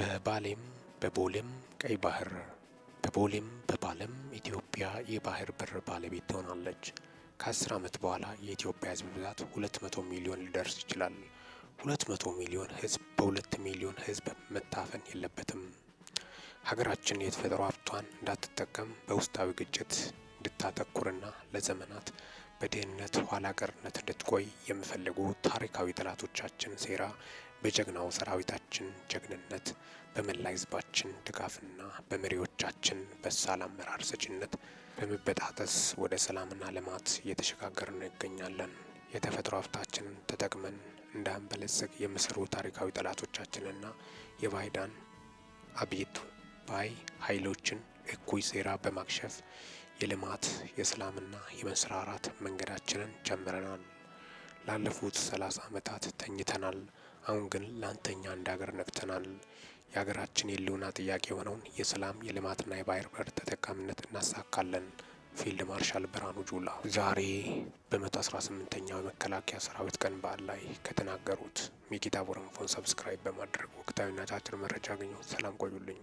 በባሌም በቦሌም ቀይ ባህር በቦሌም በባሌም ኢትዮጵያ የባህር በር ባለቤት ትሆናለች። ከ10 ዓመት በኋላ የኢትዮጵያ ህዝብ ብዛት 200 ሚሊዮን ሊደርስ ይችላል። 200 ሚሊዮን ህዝብ በ2 ሚሊዮን ህዝብ መታፈን የለበትም። ሀገራችን የተፈጥሮ ሀብቷን እንዳትጠቀም በውስጣዊ ግጭት እንድታተኩርና ለዘመናት በድህነት ኋላ ቀርነት እንድትቆይ የሚፈልጉ ታሪካዊ ጠላቶቻችን ሴራ በጀግናው ሰራዊታችን ጀግንነት፣ በመላ ህዝባችን ድጋፍና በመሪዎቻችን በሳል አመራር ሰጭነት በመበጣጠስ ወደ ሰላምና ልማት እየተሸጋገርን እንገኛለን። የተፈጥሮ ሀብታችንን ተጠቅመን እንዳንበለጽግ የምስሩ ታሪካዊ ጠላቶቻችንና የባይዳን አቤቱ ባይ ኃይሎችን እኩይ ሴራ በማክሸፍ የልማት የሰላምና የመንሰራራት መንገዳችንን ጀምረናል። ላለፉት ሰላሳ ዓመታት ተኝተናል። አሁን ግን ለአንተኛ እንደ ሀገር ነቅተናል። የሀገራችን የህልውና ጥያቄ የሆነውን የሰላም የልማትና የባህር በር ተጠቃሚነት እናሳካለን። ፊልድ ማርሻል ብርሃኑ ጁላ ዛሬ በመቶ አስራ ስምንተኛው የመከላከያ ሰራዊት ቀን በዓል ላይ ከተናገሩት ሚኪታ ቦረንፎን ሰብስክራይብ በማድረግ ወቅታዊና አጫጭር መረጃ አገኙ። ሰላም ቆዩልኝ።